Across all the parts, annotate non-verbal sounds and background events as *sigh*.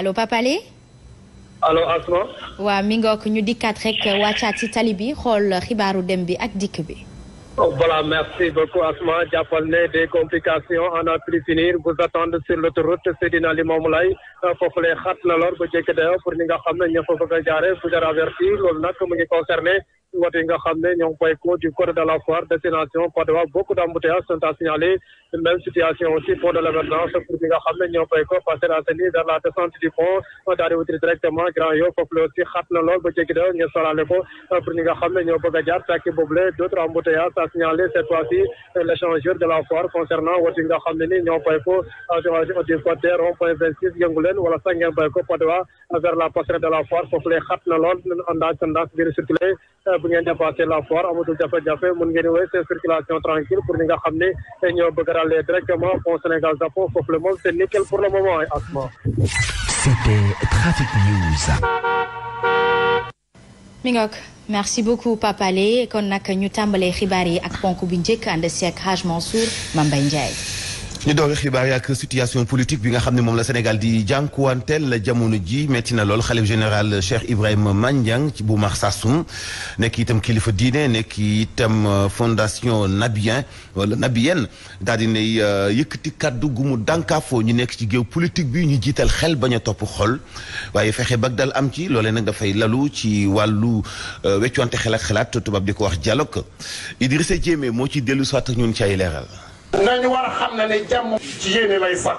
allo Pape alo allo Asma. waaw mi ngook ñu dikkaat rek euh, wàccaat ci tali bi xool xibaaru dem bi ak dikk bi. Oh, voilà merci beaucoup Asma jàppal ne des complications en a plus finir vous attendre sur l'autoroute Seydina Limamou Laye euh, foofu lay xat na lor ba jëkk dayo pour ñi nga xam ne ñoo fa bëgg a jaare vous avertir loolu nag mu ngi concerné. wote nga xam ne ñoo du côté de la foire destination Patte d'Oie beaucoup d'embouteillages sont à signaler même situation aussi pont de l'émergence pour nga xam ne ñoo koy ko Parcelles vers la descente du pont daal di wuti directement Grand Yoff foofu aussi xat na lool pour nga xam ne ñoo bëgg a jaar sàkki boobule cette fois-ci l'échangeur de la foire concernant wote nga xam ni ñoo koy ko euh, du côté rond point 26 yëngu bu ngeen dépassé la foire amatul jafe-jafe mun ngeen wéy seen circulation tranquille pour ñi nga xam ne ñoo bëgg a ràllee directement pont Sénégal Japon foofu la moom c'est nickel pour le moment ay eh, asma c'était Trafic News mi merci beaucoup Pape Alé kon nag ñu tàmbalee xibaar yi ak ponk bu njëkk ànd seek Haj Mansour Mambay Ndiaye ñu doore xibaar yi ak situation politique bi nga xam ne moom la Sénégal di jànkuwanteel jamono ji métti na lool xalif général Cheikh Ibrahima Mandiang bu Marsassoum nekk itam kilifa diine nekk itam euh, fondation Nabien wala Nabien daal di ne euh, yëkkati kaddu gu mu dànkaafoo ñu nekk ci géew politique bi ñu jiital xel bañ a topp xol waaye fexe bag dal am ci loolee nag dafay lalu ci wàllu euh, weccante xel ak tubaab di ko wax dialogue Idrissa Diémé moo ci dellu soit ñun ci ay leeral. nañu war xam ne ne jàmm ci yéene lay sax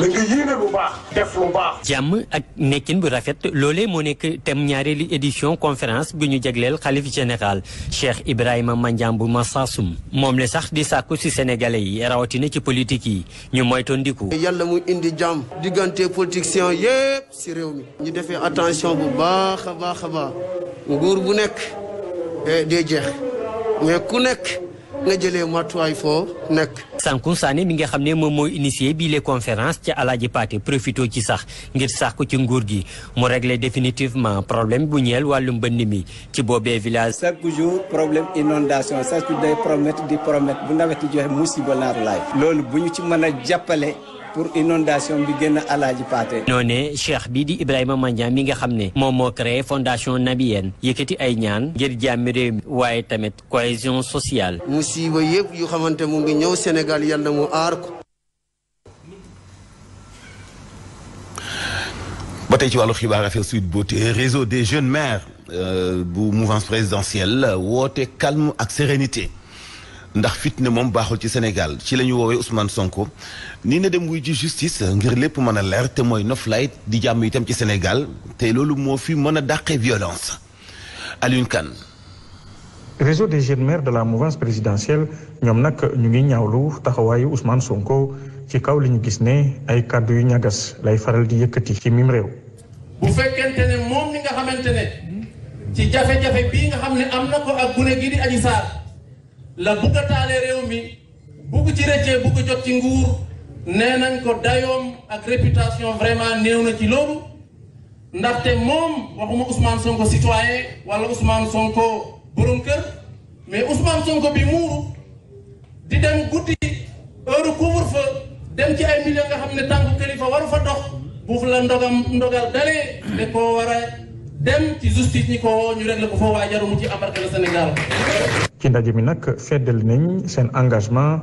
na nga yéene lu baax def lu baax. jàmm ak nekkin bu rafet loolee moo nekk thème ñaareelu édition conférence bi ñu jagleel xalif général Cheikh Ibrahima Mandiambou Massasoum moom la sax di sàkku ci sénégalais yi rawatina ci politique yi ñu moytandiku. yàlla mu indi jàmm diggante politiciens yépp ci réew mi. ñu defee attention bu baax a baax a baax nguur bu nekk eh, day jeex mais ku nekk. nga jëlee matuwaay foo nekk. Sanku Sané bi nga xam ne moom mooy initié bii les conférences ca Alaaji Paate profito ci sax ngir sàkku ci nguur gi mu régler definitivement problème bu ñeel wàllu mbënd mi ci boobee village. chaque jour problème inondation chaque jour day promettre di promettre bu nawet di joxe musiba naar laay. loolu bu ñu ci mën a jàppale. pour inondation bi gën a alaaji paate ñoo ne cheikh bi di Ibrahima Mandiang mi nga xam ne moom moo créé fondation Nabiyen yëkkati ay ñaan ngir jàmmi waaye tamit cohésion sociale musiba yëpp yu xamante mu ngi ñëw Sénégal yàlla mu aar ko ba tey ci wàllu xibaar affaire Sweet Beauté réseau des jeunes maires euh, bu mouvance présidentielle woote calme ak sérénité ndax fitna moom baaxul ci Sénégal ci lañuy ñu woowee Sonko nii na dem wuy ji justice ngir lépp mën a leer te mooy noflaay di jàmm itam ci Sénégal te loolu moo fi mën a dàqee violence Alioune réseau des jeunes maire de la mouvance présidentielle ñoom nag ñu ngi ñaawlu taxawaayu Ousmane Sonko ci kaw li ñu gis ne ay kàddu yu ñagas lay faral di yëkkati ci mim réew. bu fekkente ne moom mi nga xamante ne ci jafe-jafe bii nga xam ne am na ko ak gune gi di Adji Sarr la bugg a réew mi bugg ci rëccee bugg jot ci nee nañ ko dayoom ak réputation vraiment néew na ci loolu ndaxte moom waxuma Ousmane Sonko citoyen wala Ousmane Sonko borom kër mais Ousmane Sonko bi muuru di dem guddi heure couvre-feu dem ci ay millions nga xam ne tànk kilifa waru fa dox buuf la ndogam ndogal dalee da koo a dem ci justice ñi ko woo ñu régler ko foo waaye jaru ci embarqué le Sénégal. ci ndaje mi nag feddal nañ seen engagement.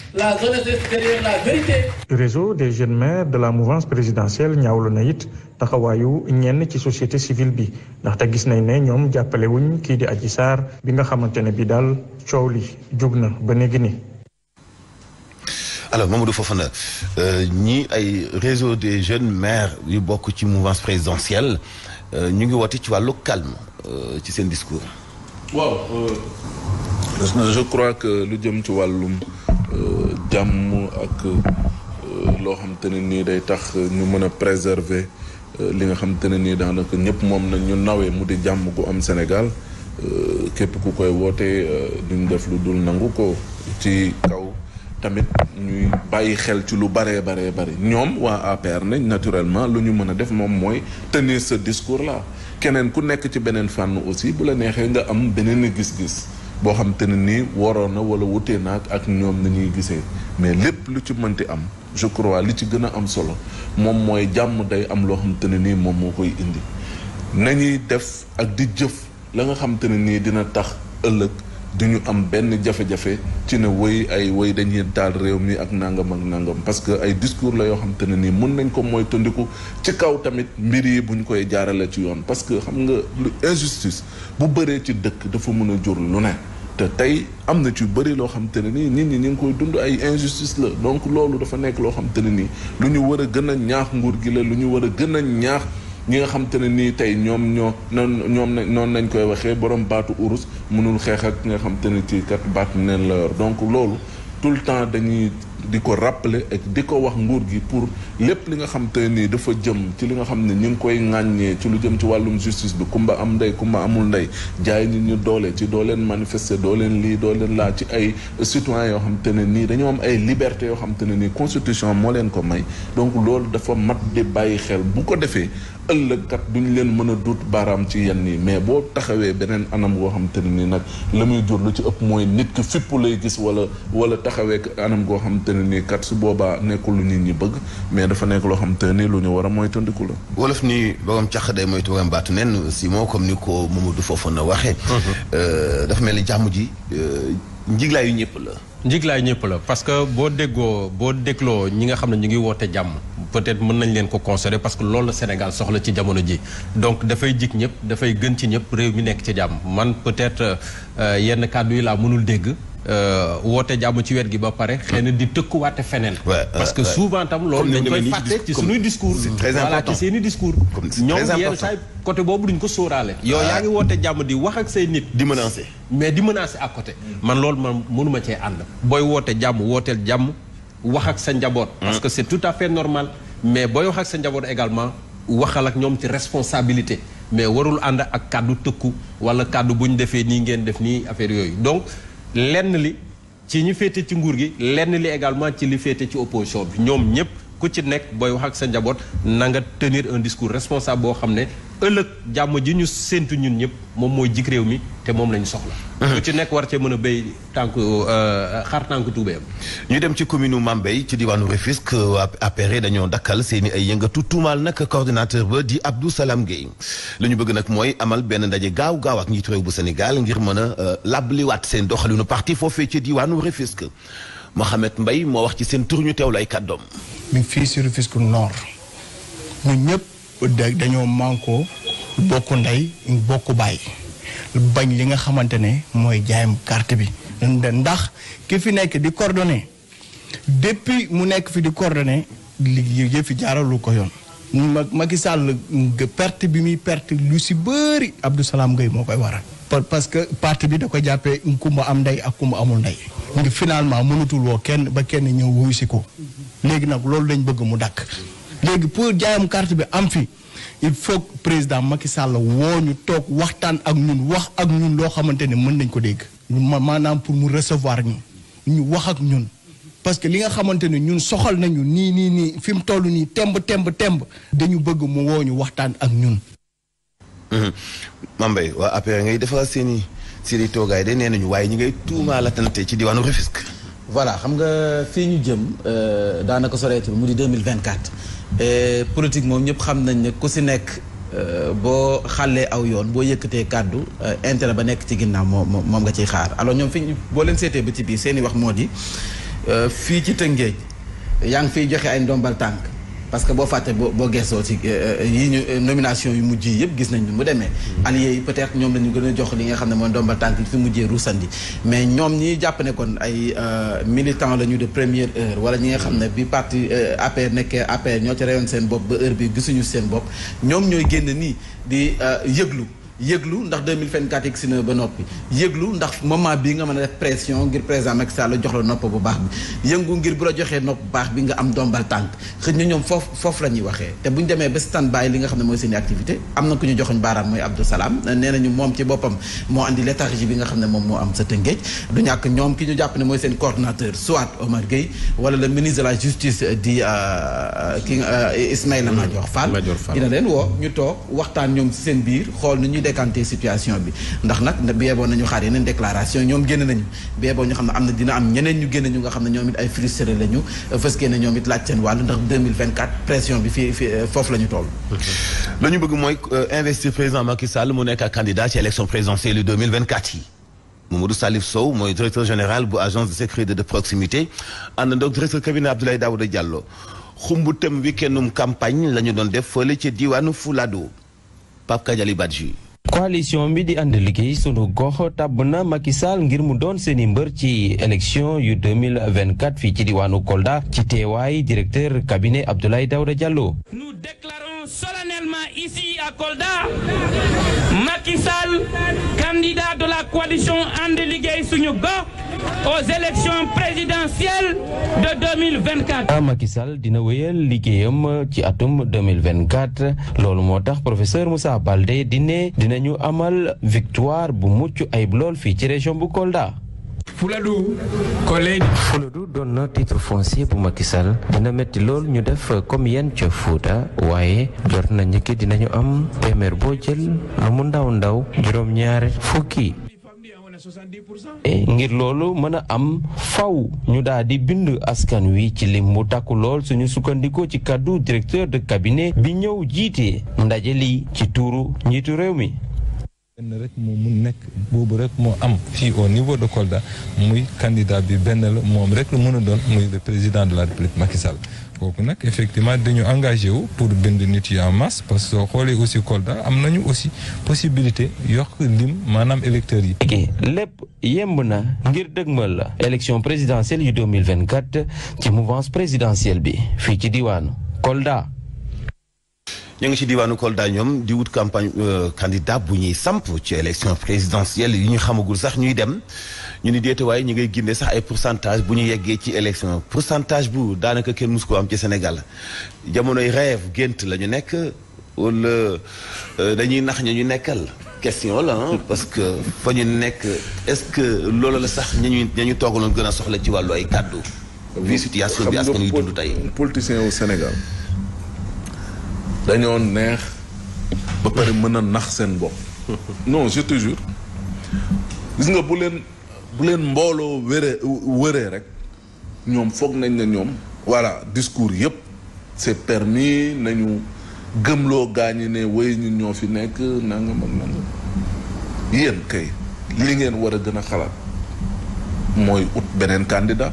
la réseau des jeunes maires de la mouvance présidentielle ñaawlu na it taxawaayu ñenn ci société civile bi ndaxte gis nañ ne ñoom jàppalewuñ kii di Adji saar bi nga xamante ne bi daal coow li jóg na ba léegi ni alors Mamadou Fofana euh, ñi ay réseau des jeunes maire yu bokk ci mouvance présidentielle euh, ñu ngi woote ci wàllu calme euh, ci seen discours. waaw je crois que lu jëm ci wàllum. jàmm ak euh, loo xam te ne nii day tax ñu mën a préserver euh, li nga xam te ne nii daanaka ñëpp moom na ñu nawee mu di jàmm gu am Sénégal euh, képp ku koy wootee duñ def lu dul nangu ko ci kaw tamit ñuy bàyyi xel ci lu baree baree bari ñoom waa APR nañ naturellement lu ñu mën a def moom mooy tenir ce discours la keneen ku nekk ci beneen fànn aussi bu la neexee nga am beneen gis-gis boo xam te ne nii waroon na wala wutee naag ak ñoom nañuy gisee mais lépp lu ci mënti am je crois li ci gën a am solo moom mooy jàmm day am loo xam te ne nii moom moo koy indi nañuy def ak di jëf la nga xam te ne nii dina tax ëllëg duñu am benn jafe-jafe ci ne woy ay woy dañuy taal réew mi ak nangam ak nangam parce que ay discours la yoo xam te ne nii mën nañ ko mooy tëndiku ci kaw tamit mbir yi bu ñu koy jaarale ci yoon parce que xam nga lu injustice bu bëree ci dëkk dafa mën a jur lu ne te tey am na ci bëri loo xam te ne nii nit ñi ñu ngi koy dund ay injustice la donc loolu dafa nekk loo xam te ne nii lu ñu war a gën a ñaax nguur gi la lu ñu war a gën a ñaax ñi nga xam te ne nii tey ñoom ñoo noonu ñoom noonu nañ koy waxee borom baatu urus mënul xeex ak nga xam te ne ci kat baatu neen la donc loolu tout le temps dañuy di ko rappeler ak di ko wax nguur gi pour lépp li nga xam te nii dafa jëm ci li nga xam ne ñu ngi koy ŋàññee ci lu jëm ci wàllum justice bi kumba am ndey kumba amul ndey jaay nit ñu doole ci doo leen manifester doo leen lii doo leen laa ci ay citoyens yoo xam te ne nii dañoo am ay liberté yoo xam te ne nii constitution moo leen ko may donc loolu dafa mat di bàyyi xel bu ko defee ëllëg kat ñu leen mën a duut baaraam ci yenn yi mais boo taxawee beneen anam goo xam te ne nii nag la muy jur lu ci ëpp mooy nit ki fippu lay gis wala wala taxawee anam goo xam te ne nii kat su boobaa nekkul lu nit ñi bëgg mais dafa nekk loo xam te ne nii lu ñu war a moytandiku la. wolof ni boogam caq day moytu boogam baatu nen si moo comme ni ko Mamadou Fofana waxee. Mhm. Euh, dafa mel ni jàmm ji euh, njiglaayu ñëpp la. njiglaay ñëpp la parce que boo déggoo boo dégloo ñi nga xam ne ñu ngi woote jàmm peut-être mën nañ leen ko considérer parce que loolu Sénégal soxla ci jamono ji donc dafay jig ñëpp dafay gën ci ñëpp réew mi nekk ci jàmm man peut-être euh, yenn kàddu yi laa mënul dégg Euh, woote jàmm ci wet gi ba pare xëy na di tëkkuwaate feneen parce que souvent tam loolu dañ koy fàtte ci suñuy discours voilà ci seen i discours ñoom yenn saa côté boobu duñ ko sóoraale yow yaa ngi woote jàmm di wax ak say nit di menacer mais di menacer ak côté man loolu man mënuma cee ànd booy woote jàmm wooteel jàmm wax ak sa njaboot mm. parce que c'est tout à fait normal mais booy wax ak sa njaboot également waxal ak ñoom ci responsabilité mais warul ànd ak kàddu tëkku wala kàddu bu ñu defee nii ngeen def nii affaire yooyu donc lenn li ci ñu féete ci nguur gi lenn li également ci li féete ci opposition bi ñoom ñëpp ku ci nekk booy wax ak sa njaboot na nga tenir un discours responsable boo xam ne ëllëg jàmm ji ñu séentu ñun ñëpp moom mooy jik réew mi te moom la ñu soxla. lu ci nekk war cee mën a béy tànk euh, xar tànk tuubéyam. ñu dem ci commune Mambey ci diwaanu Rufisque waa euh, APR dañoo dakkal seen ay yëngatu tuumaal nag coordinateur ba di Abdou salaam Gueye la ñu bëgg nag mooy amal benn ndaje gaaw gaaw ak njiitu réew bu Sénégal ngir mën a euh, làbbaliwaat seen doxalinu parti foofee ci diwaanu Rufisque Mohamed mbay moo wax ci seen tur ñu teew lay kàddoom. ñu fii si Rufisque dañoo mànkoo bokk ndey bokk baay bañ li nga xamante ne mooy jaayam carte bi ndax ki fi nekk di coordonné depuis mu nekk fi di coordonné li yëfi jaaralu ko yoon ma Macky Sall perte bi muy perte lu si bëri Abdou Salam Gueye moo koy waral parce que parti bi da ko jàppee kumba am ndey ak kumba amul ndey ngi finalement mënatul woo kenn ba kenn ñëw wuyu si ko léegi nag loolu lañ bëgg mu dakk léegi pour jaayam carte bi am fi il faut que président Macky Sall woo ñu toog waxtaan ak ñun wax ak ñun loo xamante ne mën nañ ko dégg. ma maanaam pour mu recevoir ñi ñu wax ak ñun parce que li nga xamante ne ñun soxal nañu nii nii nii fi mu toll nii temb temb temb dañu bëgg mu woo ñu waxtaan ak ñun. Mhm. Mambey waa APR ngay defaraat seen i i toogaay de nee ñu waaye ñi ngay tuumaa latante ci diwaanu Rufisque. voilà xam nga fii ñu jëm euh, daanaka soreetul mu di mille 2024 et politique moom ñëpp xam nañ ne ku si nekk euh, boo xalee aw yoon boo yëkkatee kàddu euh, intérêt ba nekk ci ginnaaw moom moom nga ciy xaar alors ñoom fi ñu boo leen seetee ba ci biir seen wax moo di fii ci Tëngéej yaa ngi fiy joxe ay ndombal tànk parce que boo fàtte boo boo gëstoo ci yi euh, euh, ñu euh, nomination yu mujj yi yëpp gis nañ mu demee. Hmm. alliés yi peut-être ñoom lañu gën a jox li nga xam ne mooy ndomba tànk fi mujjee ruusandi mais ñoom ñi jàpp ne kon ay militants la ñu de première heure wala ñi nga xam ne bi parti APR nekkee APR ñoo ci reyoon seen bopp ba heure bi gisuñu seen bopp ñoom ñooy génn nii di yëglu. yëglu ndax 2024 yegg si nga mën a def pression ngir président Macky Sall jox la nopp bu baax bi yëngu ngir bu la joxee nopp bu baax bi nga am dombal tànk xëy na ñoom foofu foofu la ñuy waxee te bu ñu demee ba stand by li nga xam ne mooy seen activité am na ku ñu joxoñ baaraam mooy Abdou Salam nee nañu moom moo andi léthargie bi nga xam ne moom moo am sa tëngeej du ñàkk ñoom ki ñu jàpp ne mooy seen coordonnateur soit Omar Gueye wala le ministre de la justice di euh, euh, ki euh, Ismaïla Madior Fall dina leen woo ñu toog waxtaan ñoom ci seen biir xool ni ñuy décanter situation bi ndax nag beeboo nañu xaar yeneen déclaration ñoom génn nañu beeboo ñu xam ne am na dina am ñeneen ñu génn ñu nga xam ne ñoom it ay frustré lañu fës génne ñoom it laaj seen wàll ndax 2024 pression bi fii fii euh, foofu la ñu toll. la ñu bëgg mooy euh, investir président Macky Sall mu nekk candidat ci élection présidentielle yu 2024 yi. Mamadou Salif Sow mooy directeur général bu agence de sécurité de proximité ànd ndoog directeur cabinet Abdoulaye Daouda Diallo xumbu tem weekendum campagne la ñu doon def fële ca diwaanu Fuladu Pape Kadiali Badji coalition bi di ànd liggéey sunu gox tàbb na Macky Sall ngir mu doon seeni mbër ci élection yu 2024 fii ci diwaanu Kolda ci teewaay directeur cabinet Abdoulaye Daouda Diallo. Nous déclarons solennellement ici à Kolda Macky Sall de la coalition ànd liggéey suñu gox. aux élections présidentielles de 2024. Ah, Macky dina wéyal liggéeyam ci atum 2024 loolu moo tax professeur Moussa Baldé di ne dinañu amal victoire bu mucc ayib lool fii ci région bu Kolda. Fuladu doon na titre foncier bu makisal Sall dina métti lool ñu def comme yenn ca Fuuta waaye jot na ñëkki dinañu am téeméer boo jël amu ndaw ndaw juróom-ñaar fukki. ngir loolu mën a am faw ñu daal di bind askan wi ci lim bu takku lool suñu sukkandikoo ci kàddu directeur de cabinet bi ñëw jiitee ndaje li ci tuuru njiitu réew mi. benn rek moo mun nekk boobu rek moo am fii au niveau de Kolda muy candidat bi benn la moom rek la mën a doon muy le président de la république Macky Sall. kooku nag effectivement dañu engagé wu pour bind nit yi en masse parce que soo xoolee aussi Kolda am nañu aussi possibilité yox lim maanaam électeurs yi. lépp yemb na ngir dëgmal la élection présidentielle yu 2024 ci mouvance présidentielle bi fii ci diwaanu Kolda. ñu ngi ci diwaanu Kolda ñoom di wut campagne euh, candidat bu ñuy samp ci élection présidentielle yi ñu xamagul sax ñuy dem. ñu ni déete waaye ñu ngay génne sax ay pourcentage bu ñu yeggee ci élection pourcentage bu daanaka kenn mus koo am ci Sénégal jamonoy rêve gént la ñu nekk wala euh, dañuy nax ñu ñu nekkal question la parce que fa ñu nekk est-ce que loolu la sax ña ñu ña ñu toogaloon gën a soxla ci wàllu ay kàddu. vi situation bi askan wi dund tey. politicien au Sénégal dañoo neex ba pare mën a nax seen bopp. non je te jure nga bu leen. bu leen mbooloo wéree wëree rek ñoom foog nañ na ñoom voilà discours yëpp c'est permis nañu gëmloo gaañi ne way ñun ñoo fi nekk nanga mag nanga yéen kay li ngeen war a gën a xalaat mooy ut beneen candidat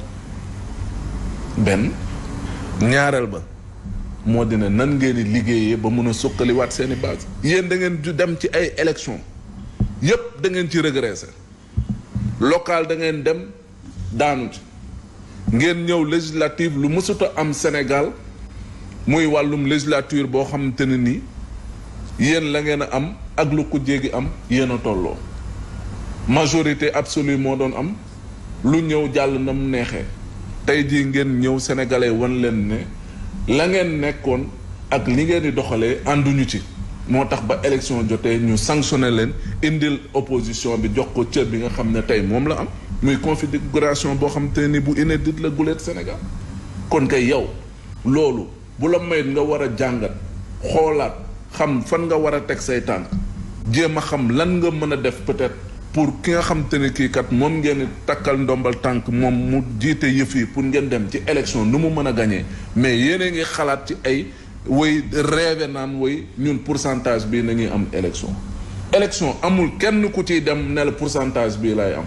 benn ñaareel ba moo dina nan ngeen di liggéeyee ba mun a suqaliwaat seen i base yéen da ngeen ju dem ci ay élection yëpp da ngeen ci regresser local da ngeen dem daanu ci ngeen ñëw législative lu mësut am Sénégal muy wàllum législature boo xamante ne nii yéen la ngeen a am ak lu ko jéegi am yéen a tolloo majorité absolue moo doon am lu ñëw jàll na neexee tey jii ngeen ñëw sénégalais wan leen ne la ngeen nekkoon ak li ngeen di doxalee ànduñu ci. moo tax ba élection jotee ñu sanctionné leen indil opposition bi jox ko cër bi nga xam ne tey moom la am muy configuration boo xam te ni bu inédite la guleet Sénégal kon kay yow loolu bu la mayit nga war a jàngat xoolaat xam fan nga war a teg say tànk jéem a xam lan nga mën a def peut-être pour ki nga xam te ne kii kat moom ngeen takkal ndombal tànk moom mu jiite yëf yi pour ngeen dem ci élection nu mu mën a gañee mais yéen ngi xalaat ci ay woy rêve naan woy ñun pourcentage bii nañuy am élection élection amul kenn ku ci dem ne la pourcentage bi lay am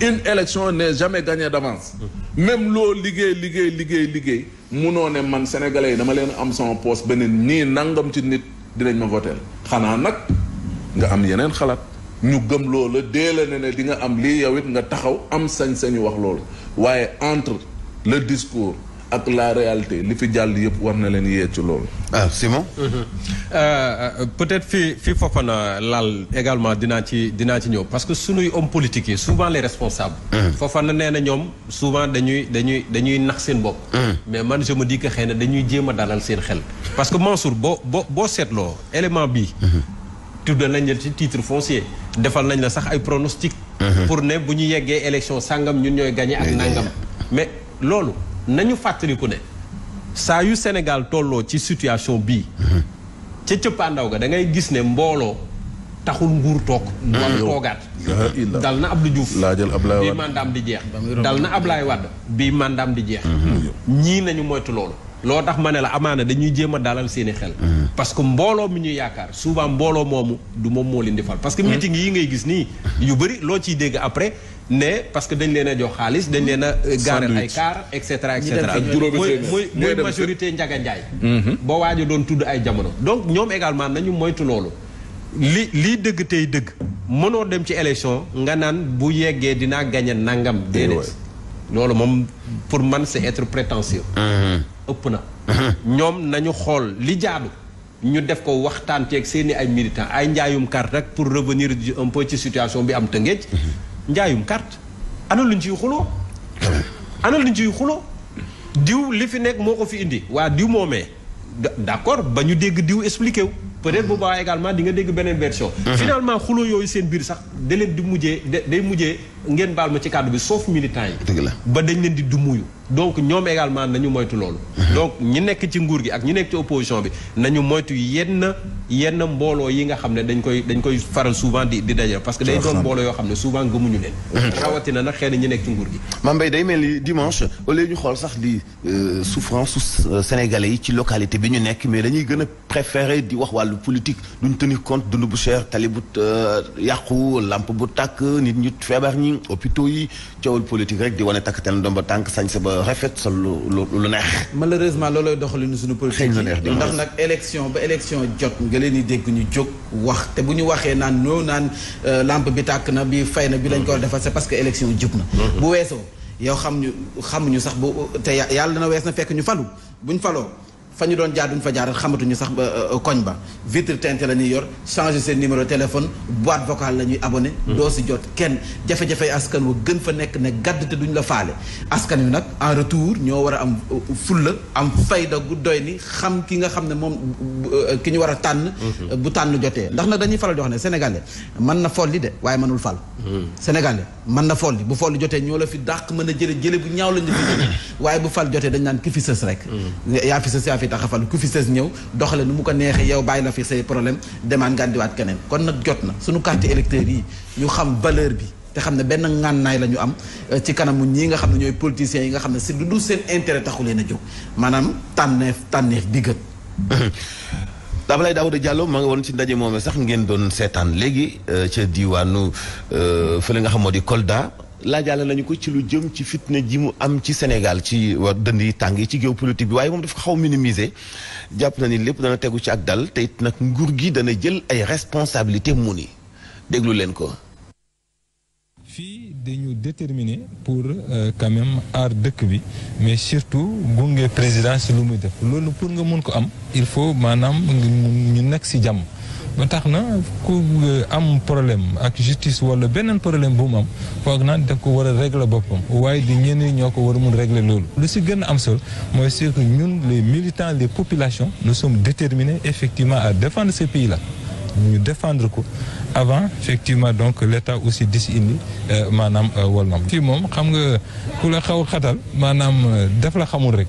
une élection n'est jamais gagnée d'avance même loo liggéey liggéey liggéey liggéey munoo ne man sénégalais yi dama leen am sama poste beneen nii nangam ci nit dinañ ma voteel xanaa nag nga am yeneen xalaat ñu gëm loola dee la ne ne di nga am lii yow it nga taxaw am sañ-sañu wax loolu waaye entre le discours ak la réalité li fi jàll yëpp war na leen yee ci loolu. ah Simon. Mhm. Euh, euh, peut-être fi fi na laal également dinaa ci dinaa ci ñëw parce que suñuy hommes politiques yi souvent les responsables. Mhm. Fofana nee na ñoom souvent dañuy dañuy dañuy nax seen bopp. Mhm. mais man je me dis xëy na dañuy jéem a dalal seen xel. parce que Mansour boo boo boo seetloo élément bii. tuddal nañ la ci titre foncier. defal nañ la sax ay pronostics. pour ne bu ñu yeggee élection sàngam ñun ñooy gagné ak nangam mais loolu. nañu fàttaliku ne saa yu Sénégal tolloo ci situation bi mhm. ca cëppaandaw ga dangay gis ne mbooloo taxul nguur toog ah, wala toogaat dal na Abdou Diouf bii mandaam di jeex dal na Ablaye Wade bii mandaam di jeex mhm. ñii nañu moytu loolu loo tax ma ne la amaana dañuy jéem a dalal seeni xel mhm. parce que mbooloo mi ñu yaakaar souvent mbooloo moomu du moom moo leen di fal parce que meeting yi ngay gis nii yu bari loo ciy dégg après ne parce que dañ leen a jox xaalis dañ leen a euh, gaareel ay car et cetera et cetera muy muy majorité Njaga Njaay mm-hmm. ba waaj doon tudd ay jamono donc ñoom également nañu moytu loolu li lii dëgg tey dëgg mënoo dem ci élection nga naan bu yeggee dinaa gañe nangam déedéet loolu moom pour man c'est être prétentieux mm-hmm. ëpp na mm-hmm. ñoom nañu xool li jaadu ñu def ko waxtaan ceeg seeni ay militants ay njaayum carte rek pour revenir un peu ci situation bi am tëngeej njaayum carte ana luñ ciy xuloo ana luñ ciy xuloo diw li fi nekk moo ko fi indi waa diw moomee d'accord ba ñu dégg diw expliqué wu peut-être boobaa également di nga dégg beneen version mhm. finalement xuloo yooyu seen biir sax da leen di mujjee day mujjee ngeen baal ma ci kàddu bi sauf militant yi ba dañ leen di du dumuyu donc ñoom également nañu moytu loolu. donc ñi nekk ci nguur gi ak ñi nekk ci opposition bi nañu moytu yenn yenn mbooloo yi nga xam ne dañ koy dañ koy faral souvent di di dajale parce que day doon mbooloo yoo xam ne souvent gëmuñu leen. Mhm. rawatina nag xëy na ñi nekk ci nguur gi. Mame Mbaye day mel ni dimanche au lieu ñu xool sax di euh, souffrance su euh, sénégalais yi ci localité bi ñu nekk mais dañuy gën a préféré di wax wàllu politique duñ tenir compte dund bu cher tali bu euh, yàqu lamp bu tàkk nit ñi feebar ñi hôpitaux yi coowal politique rek di wane takk teel ndomba tànk sañ sa rafet sa lu lu neex. malheureusement loolooy doxalinu suñu politique yi ndax nag élection ba élection jot nga leen di dégg ñu jóg wax te bu ñu waxee naan ñoo naan euh, lampe bi tàkk na bi fay na bi lañ ko defal a c'est parce que élection jub na. Mm-hmm. bu weesoo yow xam ñu xamuñu sax bu te yàlla na wees na fekk ñu falu buñ faloo. fa ñu doon jaar duñ fa jaarat xamatuñu sax ba euh, euh, koñ ba vitre teintée la ñuy yor changer seen numéro téléphone boîte vocale la ñuy abonné hmm. doo si jot kenn jafe-jafey askan wu gën fa nekk ne gàdd te duñ la faale askan wi nag en retour ñoo war a am euh, fulla am fayda gu doy ni xam ki nga xam ne moom ki ñu war a tànn hmm. bu tànn jotee ndax nag dañuy faral di wax ne sénégalais mën na yi de waaye mënul fal hmm. sénégalais mën na yi bu folli jotee ñoo la fi dàq mën a jële jële bu ñaaw la ñu fi *coughs* waaye dañ naan ki fi tax a ku fi sës ñëw doxale nu mu ko neexee yow bàyyi la fi say problème demaan ngàndiwaat keneen kon nag jot na suñu carte électeur yi ñu xam valeur bi te xam ne benn ngànnaay la ñu am euh, ci kanamu ñii nga xam ne ñooy politiciens yi nga xam ne si lu dul seen intérêt taxu leen a jóg maanaam tànneef tànneef bi daa *coughs* Abdoulaye Daouda Diallo ma nga woon ci ndaje moom sax ngeen doon seetaan léegi euh, ca diwaanu euh, fële nga xam moo di Kolda laajaale nañu ko ci lu jëm ci fitna ji mu am ci Sénégal ci dënd yi tàng yi ci géopolitique bi waaye moom dafa xaw minimiser jàpp na ni lépp dana tegu ci ak dal tey it nag nguur gi dana jël ay responsabilité mu ni déglu leen ko fii dañu déterminer pour euh, quand même aar dëkk bi mais surtout gunge présidence lu muy def loolu pour nga mun ko am il faut maanaam ñu nekk si jàmm ba tax na ku euh, am problème ak justice wala beneen problème bu mu am foog naa daf ko war a régler boppam waaye di ñeneen ñoo ko war a mun régler loolu. lu si gën a am solo mooy c'est que ñun les militants les population nous sommes déterminés effectivement à défendre ce pays là. ñu défendre ko avant effectivement donc l'état aussi di si indi euh, maanaam euh, wolmam fii moom xam nga ku la xaw xatal maanaam daf la xamul rek.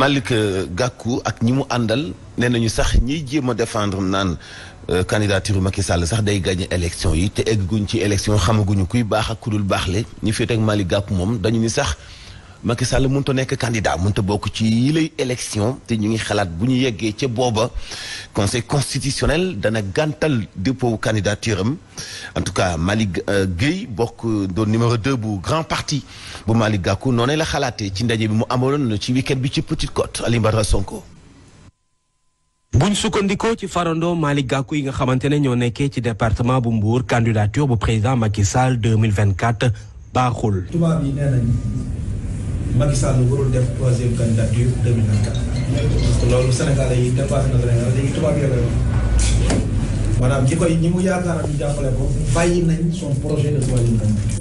Malick euh, gàkku ak ñi mu àndal nee nañu sax ñiy jéem a défendre naan euh, candidature Macky Sall sax day gagné élection yi te egguñ ci élection xamaguñu kuy baax ak ku dul baax le ñu féete ak Malick gàkku moom dañu ni sax. Macky Sall mënut a nekk candidat mënut a bokk ci yi lay élection te ñu ngi xalaat bu ñu yeggee ca booba conseil constitutionnel dana gantal dépôt candidature am en tout cas mali euh, Guèye bokk doon numéro 2 bu grand parti bu Malick Gakou noonu la xalaatee ci ndaje bi mu amaloon ci week bi ci Petite Côte Alioune Badara Sonko. buñ sukkandikoo ci farandoo Malick Gakou yi nga xamante ne ñoo nekkee ci département bu Mbour candidature bu président Macky Sall 2024 baaxul. tubaab yi nee Macky Sall warul def troisième candidature 2024. parce que loolu Sénégalais yi dépassé na Sénégal léegi tubaab yi la maanaam ñi koy ñi mu yaakaar ñu jàppale ko bàyyi nañ son projet de troisième candidature.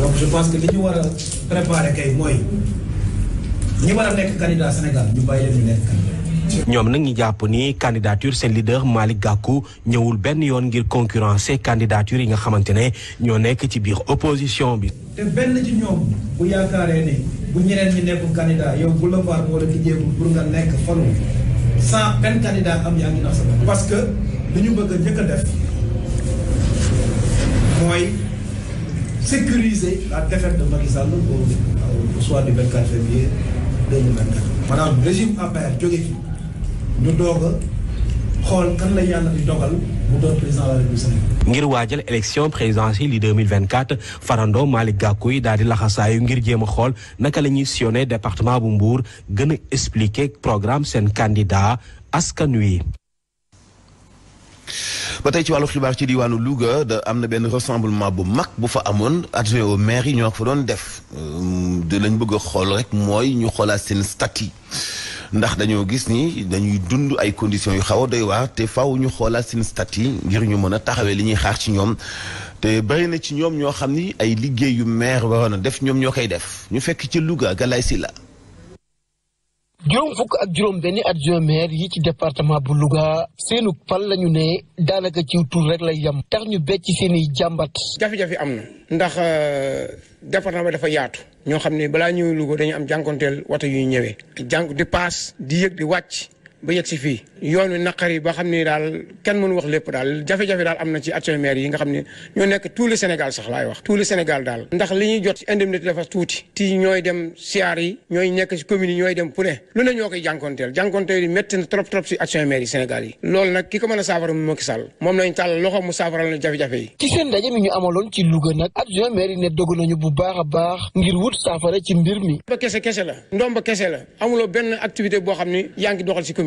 donc je pense que li ñu war a préparer kay mooy ñu war a nekk candidat Sénégal ñu bàyyi leen ñu nekk candidat. ñoom nag ñu jàpp ni candidature seen leader Malick Gakou ñëwul benn yoon ngir concurrencer candidature yi nga xamante ne ñoo nekk ci biir opposition bi. te benn ci ñoom bu yaakaaree ni bu ñeneen ñi nekkul candidat yow bu la waar moo la tijjeeku pour nga nekk falu sans benn candidat am yaa ngi nax sa parce que dañu ñu bëgg a njëkk def mooy sécuriser la défaite de Macky Sall au au soir du 24 février régime APR jóge fii. ñu doog a xool kan la yàlla di dogal mu de la République Sénégal ngir waajal élection présidentielle farando Malick Gakou yi daal di laxasaayu ngir jéem a xool naka la ñuy sillonné département bu Mbour gën a expliquer programme seen candidat askan wi. ba tey ci wàllu xibaar ci diwaanu Louga da am na benn rassemblement bu mag bu fa amoon adjoint au maire yi ñoo ko fa doon def euh, de lañ bëgg xool rek mooy ñu xoolaat seen statut ndax dañoo gis ni dañuy dund ay conditions yu xaw a doy waa te faw ñu xoolaat seen yi ngir ñu mën a taxawee li ñuy xaar ci ñoom te bëri na ci ñoom ñoo xam ni ay liggéey yu maire waroon a def ñoom ñoo koy def ñu fekk ci Louga Galaye Sylla juróom fukk ak juróom benn adjoint maire yi ci département bu luga seenu pal lañu ne daanaka ci tur rek lay yem tax ñu becc seeni jàmbat. jafe-jafe am na ndax euh, département bi dafa yaatu ñoo xam ne balaa ñëwee Louga dañu am jànkonteel wata yuy ñëwee jànk di paas di yëg di wàcc. ba yegg si fii yoonu naqar yi ba xam ni daal kenn mënu wax lépp daal jafe-jafe daal am na ci action maire yi nga xam ne ñoo nekk tout le Sénégal sax laay wax tout le Sénégal daal ndax li ñuy jot ci indemnité dafa tuuti ti ñooy dem siyaar yi ñooy nekk si communes yi ñooy dem pu lu ne ñoo koy jànkonteel jànkonteel yi métti na trop trop si action maire yi Sénégal yi loolu nag ki ko mën a saafara mu Macky Sall moom lañ tàll loxo mu saafaral na jafe-jafe a la ndomba la amuloo benn activité boo xam ne yaa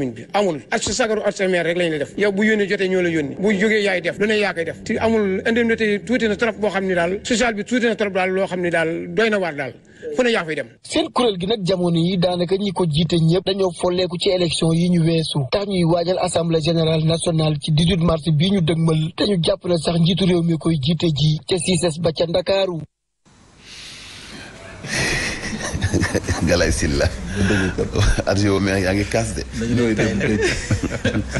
sëñ bi amul ak sa sagaru ak sa mère rek lañ lay def yow bu yónni jotee ñoo la bu jógee yaay def lu ne def te amul indemnité tuuti na trop boo xam ne daal social na waar daal fu ne yaa dem seen kuréel gi nag jamono yi daanaka ñi ko jiite ñëpp dañoo folleeku ci élection yi ñu weesu tax ñuy waajal assemblée générale nationale ci 18 mars bii ñu dëgmal te ñu jàpp ne sax njiitu réew mi koy jiite ji ca Ciss ba Ndakaaru Galaye Sylla. adjo maire yaa ngi kaas de. ñooy dem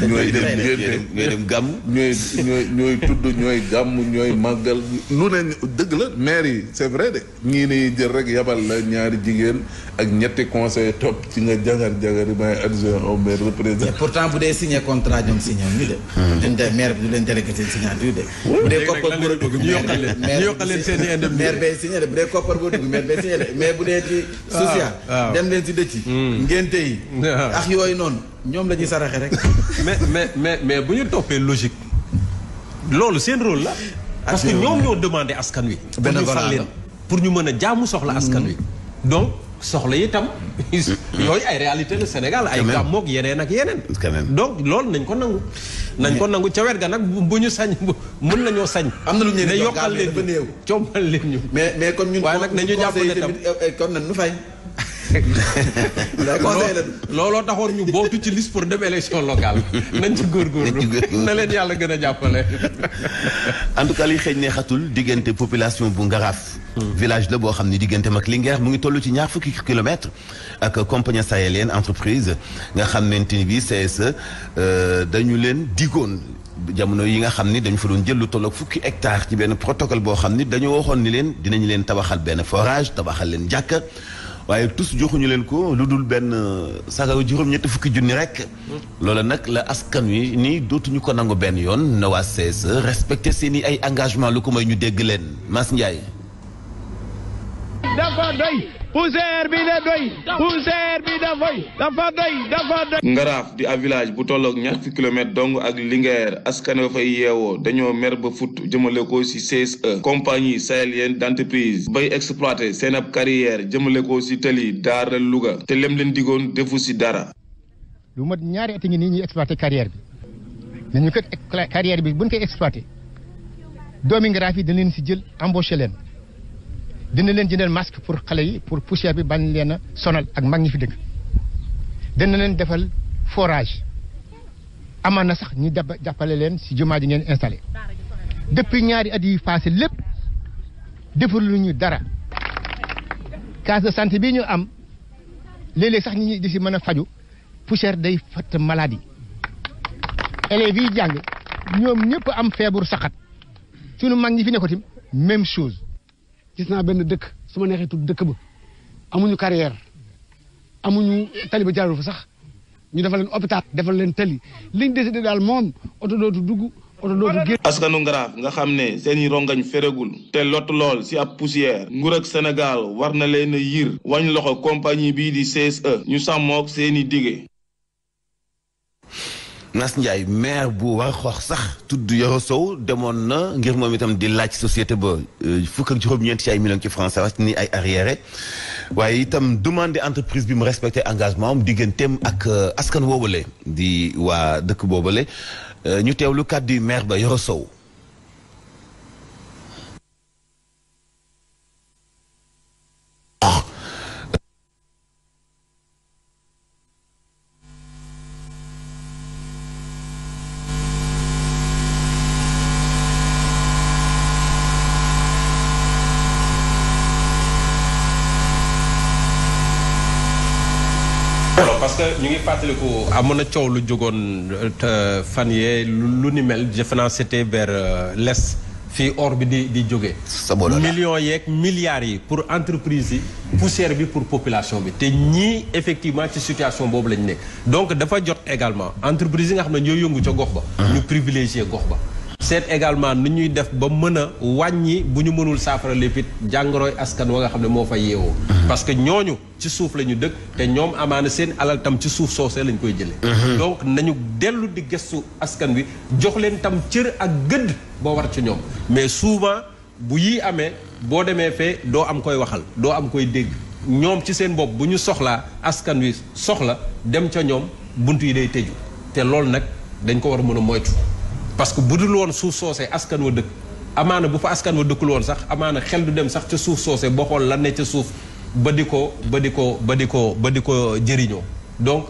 ñooy dem ñooy dem gàmm. ñooy ñooy ñooy tudd ñooy gàmm ñooy màggal lu ne dëgg la maire yi c'est vrai de. ñii nii jël rek yabal la ñaari jigéen ak ñetti conseil topp ci nga jagar jagar yi may adjoint au maire le pourtant bu dee signé contrat ñoom hmm. maire bi du leen bu dee koppar bu ñu yokkal leen seen i indemnité maire bay signé de bu dee koppar boo dugg maire bay signé de mais bu dee ci. Ah, social dem leen si dëcc hmm. ngénte yi ak yooyu noonu ñoom la ñuy saraxe rek *laughs* mais mais mais mais bu ñu toppee logique loolu seen rôle la ah, parce que ñoom ñoo demandé askan wi pour ñu fal pour ñu mën a jàmm soxla askan wi hmm. donc soxla itam. *laughs* yooyu ay réalité la Sénégal ay gàmmoog yeneen ak yeneen. donc loolu nañ ko nangu. nañ ko nangu ca wet ga nag bu ñu sañ mën nañoo sañ. am na lu ñu ne yokkal leen ñu combal *laughs* leen ñu. mais mais comme ñun. waaye nag nañu jàpp ne tam comme nañ nu fay. *laughs* looloo taxoon ñu bootu ci liste pour dem élection locale nañ ci góorgóorlu na leen yàlla gën a jàppale en tout cas li xëy neexatul diggante population bu Ngaraaf hmm. village la boo xam ne diggante mag Linguère mu ngi toll ci ñaar fukki kilomètres ak compagnie sahélienne entreprise nga xam ne bi CSE euh, dañu leen digoon jamono yi nga xam ni dañu fa doon jël lu tolloog fukki hectare ci benn protocole boo xam ni dañu waxoon ni leen dinañu leen tabaxal benn forage tabaxal leen jàkka waaye tous joxuñu leen ko lu dul benn euh, sagaru juróom-ñetti fukki junni rek. Mm. loolu nag la askan wi nii dootuñu ko nangu benn yoon na waa CSE respecté seen ay engagement lu ko moy ñu dégg leen Mass Ndiaye. dafa doy. poussière bi da doy poussière bi dafa doy Ngaraaf di ab bu tolloog ñaar fi kilomètre dong ak Linguère askan fay yeewoo dañoo mer ba fut jëmale ko ci CSE compagnie sahélienne d'entreprise bay exploité seen ab carrière jëmale ko ci tëli daara Louga te lem leen digoon defu ci dara lu mat ñaari at ngi ñuy exploité carrière bi mais ñu kat carrière bi exploité doomi Ngaraaf yi dañ leen ci jël embauché leen dina leen jëndal masque pour xale yi pour poussière bi bañ leen a sonal ak mag ñi fi dëkk dina leen defal forage amaan na sax ñu jàppale leen si jumaa ji ngeen installé dëpp ñaari at yi passé lépp defaluñu dara case de santé bii ñu am léeg-léeg sax ñi di si mën a faju poussière day fatt maladie élèves yi jàng ñoom ñëpp am feebaru saxat sunu mag ñi fi nekkotim même chose gis naa benn dëkk su ma neexee tudd dëkk ba amuñu carrière amuñu tali ba jaarul fa sax ñu defal leen hôpital defal leen tali liñ décidé daal moom oto dootu dugg oto dootu génn. askanu Ngaraaf nga xam ne seeni rongañ feregul te lot lool si ab poussière nguur ak senegaal war na leen yiir wañ loxo compagnie bii di CSE ñu sàmmook seeni dige. Nas Ndiaye maire bu war xoox sax tudd Yoro Sow demoon na ngir moom itam di laaj société ba euh, fukk ak juróom-ñeent ci ay millions ci francs CFA ni ay arriéré waaye itam demande entreprise bi mu respecté engagement am digganteem ak euh, askan woobale di waa dëkk boobale euh, ñu teewlu kàddu maire ba Yoro Sow que ñu ngi fàttaliku amoon na coow lu jógoon fan yee lu ni mel defe naa c'était vers euh, les fii or bi di di jóge millions yeeg milliards yi pour entreprise yi poussière bi pour population bi te ñii effectivement ci situation boobu lañu nekk donc dafa jot également entreprise yi nga xam ne ñoo yëngu ca gox ba ñu privilégier gox ba seet également nu ñuy def ba mën a wàññi bu ñu mënul saafara lépp it jàngoroy askan wa nga xam ne moo fa yeewoo. Mhm. parce que ñooñu ci suuf la ñu dëkk te ñoom amaana seen alal tam ci suuf soosee lañu koy jëlee. Mhm. donc nañu dellu di gëstu askan wi jox leen tam cër ak gëdd boo war ca ñoom mais souvent bu yii amee boo demee fee doo am koy waxal doo am koy dégg ñoom ci seen bopp bu ñu soxlaa askan wi soxla dem ca ñoom bunt yi day tëju te loolu nag dañ ko war a mën a moytu. parce que bu dul woon suuf soosee askan wa dëkk amaana bu fa askan wa dëkkul woon sax amaana xel du dem sax ca suuf soosee boo xool lan ne ca suuf ba di ko ba di ko ba di ko ba di ko jëriñoo donc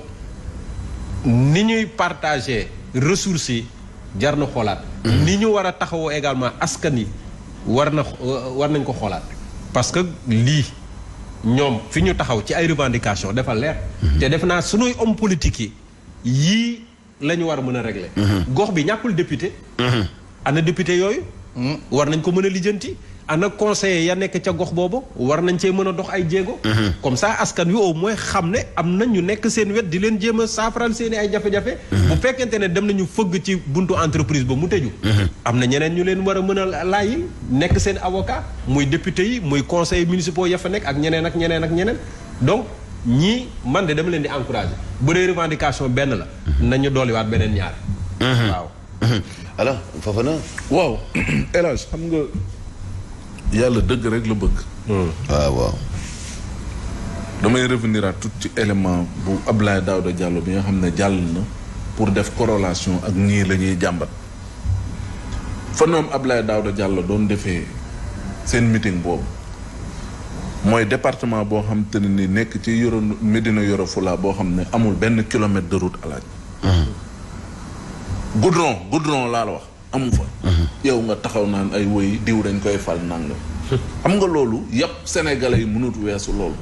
ni ñuy partager ressources yi jar na xoolaat ni ñu war a taxawoo également askan yi war na war nañ ko xoolaat parce que lii ñoom fi ñu taxaw ci ay revendications dafa leer mm-hmm. te def naa sunuy hommes politiques yi la ñu war a mën a régler mhm. gox bi ñàkkul député mhm. ana député yooyu mhm. war nañ ko mën a lijjanti ana conseil ya nekk ca gox boobu war nañ cee mën a dox ay jéego comme ça askan wi au moins xam ne am nañ ñu nekk seen wet di leen jéem a saafaral seen ay jafe-jafe bu fekkente ne dem nañu fëgg ci buntu entreprise ba mu tëju am na ñeneen ñu leen war a mën a laaj nekk seen avocat muy député yi muy conseiller municipaux ya fa nekk ak ñeneen ak ñeneen ak ñeneen donc ñii man de dama leen di encouragé bu dee revendication benn la. nañu dolliwaat beneen ñaar. waaw. alors na. waaw *clears throat* El xam nga yàlla dëgg rek la bëgg. Hmm. waaw waaw. damay revenir à ci élément bu Abdoulaye Daouda Diallo bi nga xam ne jàll na pour def corrélation ak ñii la ñuy jàmbat. fa noom Abdoulaye Daouda Diallo doon defee seen meeting boobu. mooy département boo xam ne ni nekk ci Yoro Médina Yoro Fula boo xam ne amul benn kilomètre de route alaaj mm-hmm. goudron goudron laa wax amu fa mm-hmm. yow nga taxaw naan ay woy diw dañ koy fal nangam *laughs* xam nga loolu yàpp sénégalais yi mënut weesu loolu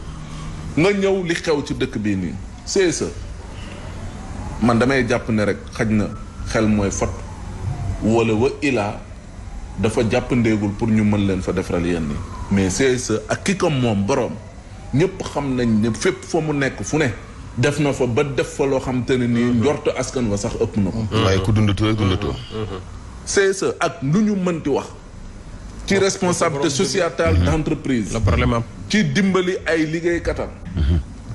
nga ñëw li xew ci dëkk bii nii c'est man damay jàpp ne rek xaj na xel mooy fot wala wa dafa jàpp ndéegul pour ñu mën leen fa defaral yenn yi mais CSE ak ki comme moom boroom ñëpp xam nañ ne fépp fa mu nekk fu ne def na fa ba def fa loo xam te ne nii mhm. njort askan wa sax ëpp na ko mhm. waaye ku dundatu rek dundatoo mhm. CSE ak lu ñu mënti wax ci responsabilité sociétale d'entreprise le problème ci dimbali ay liggéeykatam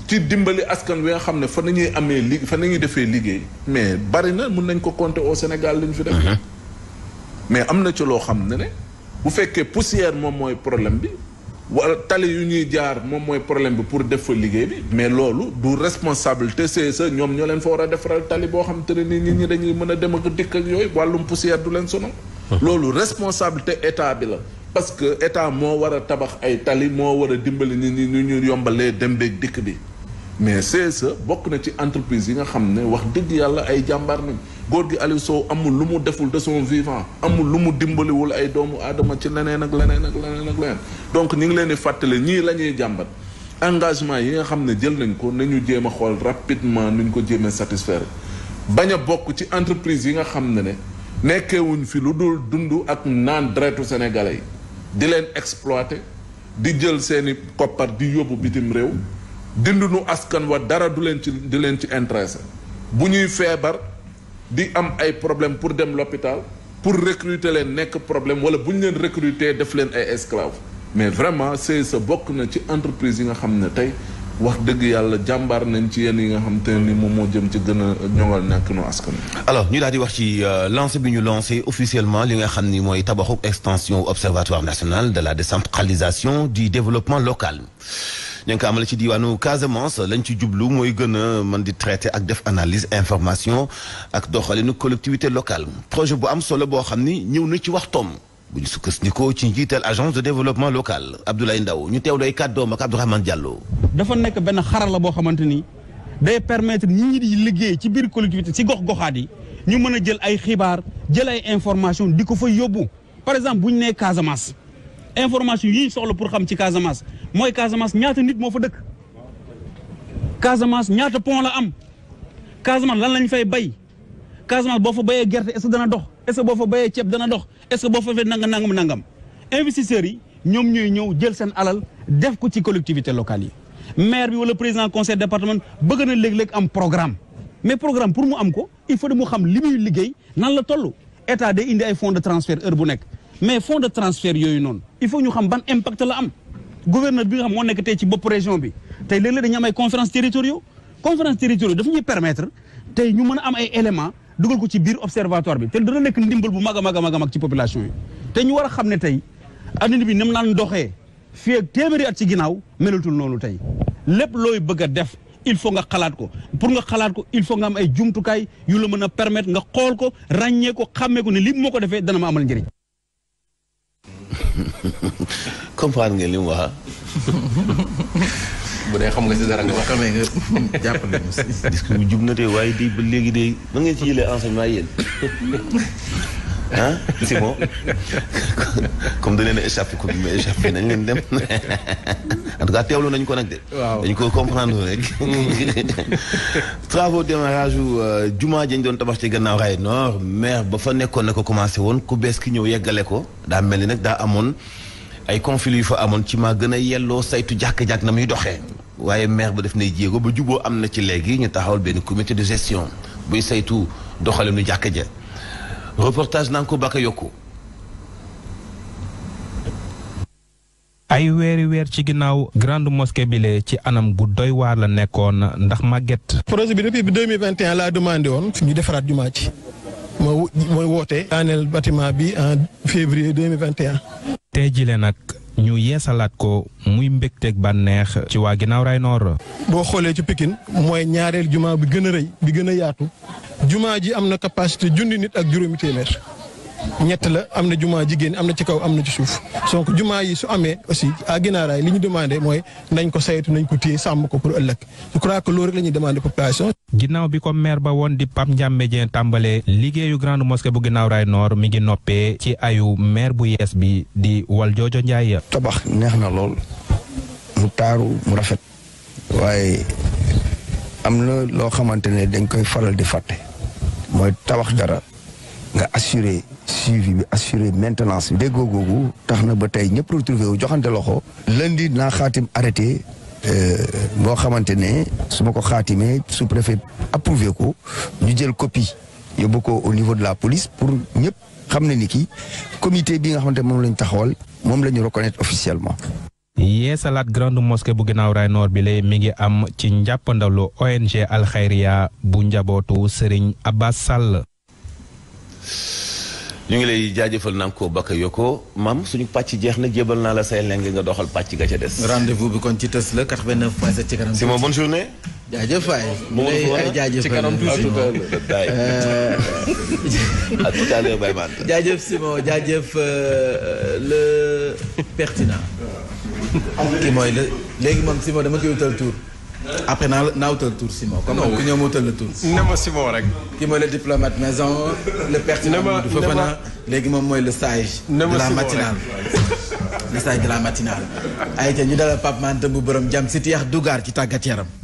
ci dimbali askan wi nga xam ne fa nañuy amee li fa ñuy defee liggéey mais bari na mun nañ ko compter au Sénégal lañ fi def mais am na ci loo xam ne ne bu fekkee poussière moom mooy problème bi wala tali yu ñuy jaar moom mooy problème bi pour def fa liggéey bi mais loolu du responsabilité CSE ñoom ñoo leen fa war a defaral tali boo xam te ne nii nit ñi dañuy mën a dem ak dikk ak yooyu wàllum poussière du leen sonal. loolu responsabilité état bi la. parce que état moo war a tabax ay tali moo war a dimbali nit ñi ñu ñu yombalee dem beeg dikk bi mais sa e bokk na ci entreprise yi nga xam ne wax digg yàlla ay jàmbaar nañ. góor gi Aliou Sow amul lu mu deful de son vivant amul lu mu dimbaliwul ay doomu aadama ci leneen ak leneen ak leneen ak donc ñu ngi leen di fàttali ñii lañuy jàmbat engagement yi nga xam ne jël nañ ko nañu jéem a xool rapidement nuñ ko jéemee satisfaire bañ a bokk ci entreprise yi nga xam ne ne nekkeewuñ fi lu dul dund ak naan deretu sénégalais yi di leen exploiter di jël seeni koppar di yóbbu bitim réew dindunu askan wa dara du leen ci di leen ci intéressé bu ñuy feebar di am ay problème pour dem l'hôpital pour recruter leen nekk problème wala bu ñu leen recruter def leen ay esclaves mais vraiment sa bokk na ci entreprise yi nga xam ne tey wax dëgg yàlla jàmbaar nañ ci yenn yi nga xam te nii moom moo jëm ci gën a ñoŋal nekk nu askan alors ñu daal di wax ci euh, lancé bi ñu lancé officiellement li nga xam ni mooy tabaxu extension observatoire national de la décentralisation du développement local ña ngi ko amale ci diiwaanu Casamance lañ ci jublu mooy gën a man di traité ak def analyse information ak doxalinu collectivité local projet bu am solo boo xam ni ñëw na ci waxtoom bu ñu sukkandikoo ci njiital agence développement local Abdoulaye Ndaw ñu teew day kàddoom ak Abdourahmane Diallo. dafa nekk benn xarala boo xamante ni day permettre ñi ñi liggéey ci biir collectivité ci gox-goxaat yi ñu mën a jël ay xibaar jël information di ko fa yóbbu par exemple bu ñu nee Casamance information yi soxla pour xam ci Casamance mooy Casamance ñaata nit moo fa dëkk Casamance ñaata pont la am Casamance lan lañ fay bay Casamance boo fa bayee gerte est dana dox est-ce boo fa bayee ceeb dana dox est-ce que boo fa fee nangam nangam nangam investisseurs yi ñoom ñooy ñëw jël seen alal def ko ci collectivité locale yi maire bi wala président conseil département bëgg na léeg-léeg am programme mais programme pour mu am ko il faut mu xam li muy liggéey nan la toll état day indi ay fonds de transfert heure nekk mais fonds de yooyu noonu il faut ñu xam ban impact la am. gouverneur bi nga xam moo nekk tey ci bopp région bi tey léeg-léeg dañu am ay conférence territoriaux conférence ñuy permettre tey ñu mën a am ay éléments dugal ko ci biir observatoire bi te dana nekk ndimbal bu mag a mag a mag ci population yi te ñu war a xam ne tey adduna bi nam naan doxee fi ak téeméeri at ci ginnaaw melatul noonu tey lépp looy bëgg a def il faut nga xalaat ko pour nga xalaat ko il faut nga am ay jumtukaay yu la mën a permettre nga xool ko ràññee ko xàmmee ko ne li moo ko defee dana ma amal *laughs* comprendre ngeen li mu *laughs* bu dee xam nga si dara nga wax xamee nga *laughs* jàppale mu si. discours jub na de waaye di ba léegi de ba ngeen ci jëlee enseignement yéen. ah Simon *laughs* comme da leen a échappé ko bi ma leen dem *laughs* en tout cas teewlu nañ ko nag de. waaw dañ ko comprendre rek. *laughs* travaux démarrage yu euh, jumaa jañ doon tabax ci gannaaw raay nord maire ba fa nekkoon na ko commencé woon ku bees ki ñëw yeggale ko daa mel ni nag daa amoon ay conflits yu fa amoon ci maa gën a yelloo saytu jàkk-jàkk na muy doxee. waaye maire ba def nay jéego ba juboo am na ci léegi ñu taxawal benn comité de gestion buy saytu nu jàkk ja reportage naa ko baka yokku ay weeri weer ci ginnaaw grande mosquée ci anam gu doy waar la nekkoon ndax màgget. projet bi depuis 2021 laa demandé woon. ñu defaraat jumaa ci moo mooy woote. daaneel bâtiment bi en février te tey jile nag ñu yeesalaat ko muy mbégteeg bànneex ci waa ginnaaw raay noor. boo xoolee ci pikin mooy ñaareel jumaa bi gën a rëy bi gën a yaatu jumaa ji am na capacité junni nit ak juróomi téeméer ñett la am na jumaa jigéen am na ci kaw am na ci suuf donc jumaa yi su amee aussi à Guinaaraay li ñu demandé mooy nañ ko saytu nañ ko téye sàmm ko pour ëllëg je crois que loolu rek la ñuy demandé population. ginnaaw bi ko maire ba woon di Pape Ndiambé jee tàmbalee liggéeyu grande mosquée bu ginnaaw raay noor mi ngi noppee ci ayu maire bu yees bi di Valdiodio Ndiaye. tabax neex na lool mu taaru mu rafet am na loo xamante ne dañ koy faral di fàtte mooy tabax dara nga assurer suivi bi assurer maintenance bi. déggoo googu tax na ba tey ñëpp retrouvé wu joxante loxo. lundi naa xaatim arrêté euh, boo xamante ne su ma ko xaatimee sous préfet approuvé ko ñu jël copie yóbbu ko au niveau de la police pour ñëpp xam ne ni ki comité bi nga xamante moom la ñu taxawal moom la ñu reconnaître officiellement. yeesalaat grande mosquée bu ginaaw raay noor bi lay mi ngi am ci njàppandalu ONG alxayria bu njabootu sëriñ Abbas Sall. ñu ngi lay jaajëfal naam ko Bakayoko mam suñu pàcc jeex na jébal naa la say leng nga doxal pàcc ga ca des. rendez bi kon ci tës la 89.7 ci kanam. Simon bonne journée. jaajëf waay. mu ngi lay jaajëf ci *laughs* euh, *laughs* Simon jaajëf euh, euh, le pertinent. kii mooy léegi moom Simon dama koy wutal tour après naa naa wutal tur Simon. comme man ku ñëw ma wutal la tur. ne ma Simon rek. kii mooy le diplomate maison le pertinent. ne ma du fa fanaa léegi moom mooy le sage. ne ma de la matinale. le sage de la matinale. ayca ñu dalal Pape Man Dëmb borom jàmm si yax dugaar ci tàggat yaram.